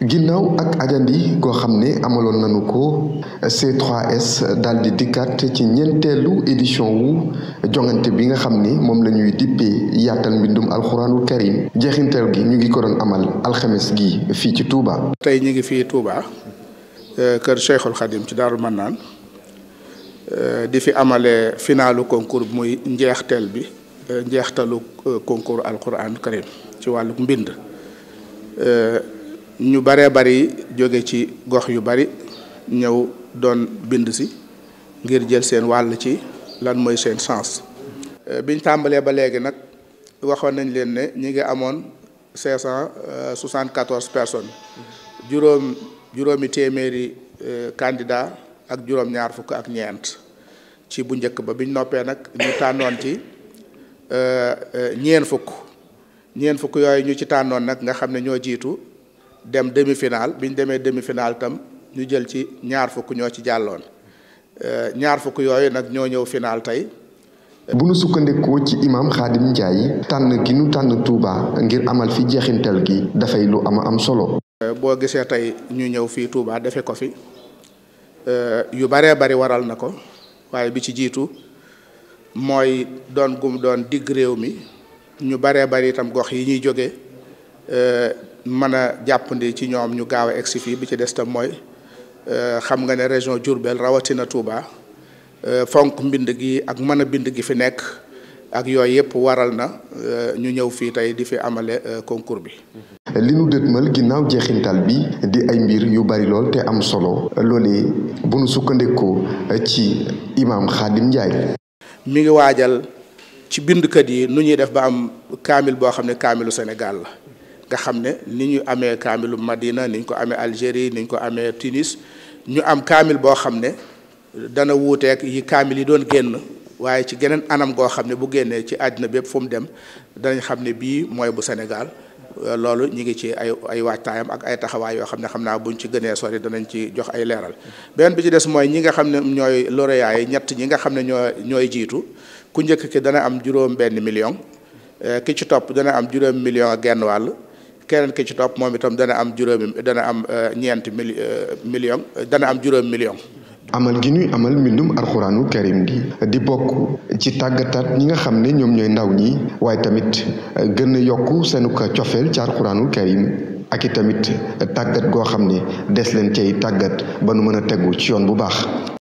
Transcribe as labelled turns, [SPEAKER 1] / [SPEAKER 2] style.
[SPEAKER 1] ginnaaw ak ajandi goo xam ne amaloon nañu ko C3S daal di ci ñenteelu édition wu jongante bi nga xam ni moom lañuy ñuy dippee yaatal mbindum alxuraanul karim jeexinteel gi ñu ngi ko doon amal alxames gi fii ci Touba.
[SPEAKER 2] tey ñu ngi fii Touba euh, kër Cheikhul Khadim ci Daarul Mannaan euh, di fi amale finaalu concours bi muy njeexteel bi euh, njeextalu concours alxuraanul karim ci wàllu mbind. ñu baree bari jóge ci gox yu bari ñëw doon bind si ngir jël seen wàll ci lan mooy seen sens euh, biñ tàmbalee ba léegi nag waxoon nañ leen ne ñi ngi amoon cinq cent soixante-quatorze personnes juróom juróomi téeméeri euh, candidat ak juróom ñaar fukk ak ñeent ci bu njëkk ba biñ noppee nag ñu tànnoon ci euh, ñeent fukk ñeent fukk yooyu ñu ci tànnoon nag nga xam ne ñoo jiitu dem demi final bi ñu demee demi final tam ñu jël ci ñaar fukk ñoo ci jàlloon euh, ñaar fukk yooyu nag ñoo ñëw final tey.
[SPEAKER 1] bu nu sukkandikoo ci imaam Xaadim Njaay tànn gi nu tànn tuuba ngir amal fi jeexintal gi dafay lu ama am solo.
[SPEAKER 2] Euh, boo gisee tey ñu ñëw fii tuuba defe ko fi euh, yu baree bari waral na ko waaye bi ci jiitu mooy doon gum doon digg réew mi ñu baree bari itam gox yi ñuy jóge Euh, mën a jàppandi ci ñoom ñu gaaw a egsi fii bi ci des tam mooy euh, xam nga ne région Diourbel rawatina Touba euh, fonk mbind gi ak mën a bind gi fi nekk ak yooyu yëpp waral na ñu ñëw fii tey di fi amale concours bi.
[SPEAKER 1] li ginnaaw jeexintal bi di ay mbir yu bari lool te am solo loolee bu nu sukkandikoo ci imaam Xaadim Ndiaye.
[SPEAKER 2] mi ngi waajal ci bindkat yi nu ñuy def ba am kaamil boo xam ne kaamilu Sénégal la. nga xam ne ni ñu amee kaamilu Madina ni ñu ko amee Algérie ni ñu ko amee Tunis ñu am kaamil boo xam ne dana wuuteek yi kaamil yi doon génn waaye ci geneen anam goo xam ne bu génnee ci àddina bépp fu mu dem danañ xam ne bii mooy bu Sénégal loolu ñu ngi ci ay ay waajtaayam ak ay taxawaay yoo xam ne xam naa buñ ci gënee sori danañ ci jox ay leeral beneen bi ci des mooy ñi nga xam ne ñooy lauréat yi ñett ñi nga xam ne ñoo ñooy jiitu ku njëkk ki dana am juróom benn million eh, ki ci topp dana am juróom million ak genn wàll keneen ki ci topp moom itam dana am juróomi dana am euh, ñeenti mili euh, million dana am juróom million
[SPEAKER 1] amal gi ñuy amal mbindum alxuraanu karim gi di bokk ci tàggataat ñi nga xam ne ñoom ñooy ndaw ñi waaye tamit euh, gën a yokk seenu ko cofeel ci alxuraanu karim ak i tamit tàggat goo xam ne des leen cey tàggat ba nu mën a tegu ci yoon bu baax